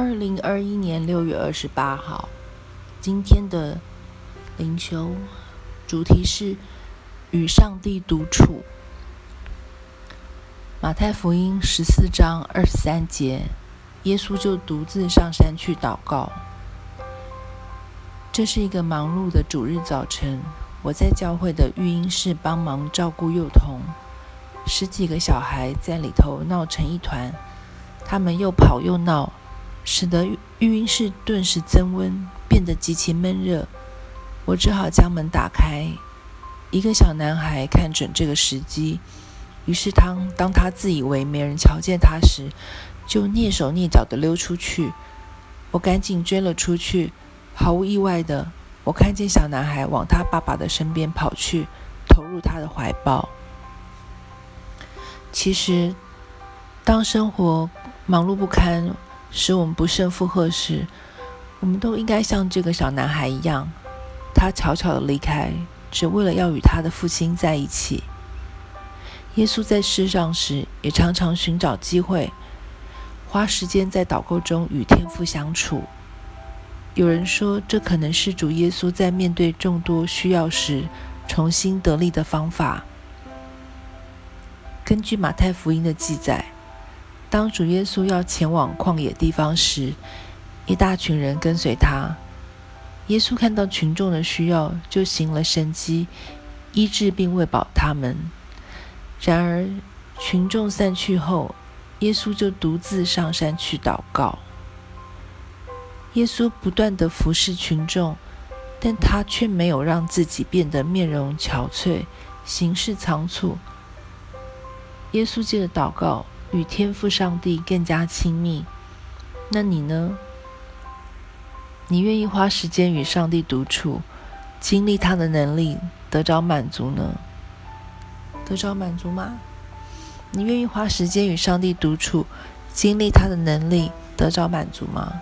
二零二一年六月二十八號，今天的靈修主題是與上帝獨處。馬太福音十四章二十三節，耶穌就獨自上山去禱告。這是一個忙碌的主日早晨，我在教會的育嬰室幫忙照顧幼童，十幾個小孩在裡頭鬧成一團，他們又跑又鬧。使得育嬰室頓時增溫，變得極其悶熱。我只好將門打開。一個小男孩看準這個時機，於是他當他自以為沒人瞧見他時，就躡手躡腳的溜出去。我趕緊追了出去，毫無意外的，我看見小男孩往他爸爸的身邊跑去，投入他的懷抱。其實，當生活忙碌不堪，使我們不勝負荷時，我們都應該像這個小男孩一樣，他悄悄地離開，只為了要與他的父親在一起。耶穌在世上時，也常常尋找機會，花時間在禱告中與天父相處。有人說，這可能是主耶穌在面對眾多需要時，重新得力的方法。根據馬太福音的記載，當主耶穌要前往曠野地方時，一大群人跟隨他。耶穌看到群眾的需要，就行了神蹟，醫治並餵飽他們。然而，群眾散去後，耶穌就獨自上山去禱告。耶穌不斷地服侍群眾，但他卻沒有讓自己變得面容憔悴、行事倉促。耶穌借着禱告。與天父上帝更加親密，那你呢？你願意花時間與上帝獨處，經歷他的能力，得着滿足呢？得着滿足嗎？你願意花時間與上帝獨處，經歷他的能力，得着滿足嗎？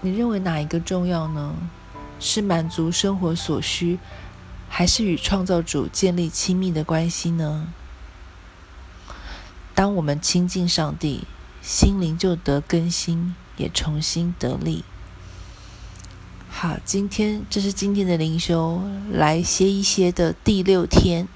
你認為哪一個重要呢？是滿足生活所需，還是與創造主建立親密的關係呢？當我們親近上帝，心靈就得更新，也重新得力。好，今天，這是今天的靈修，來歇一歇的第六天。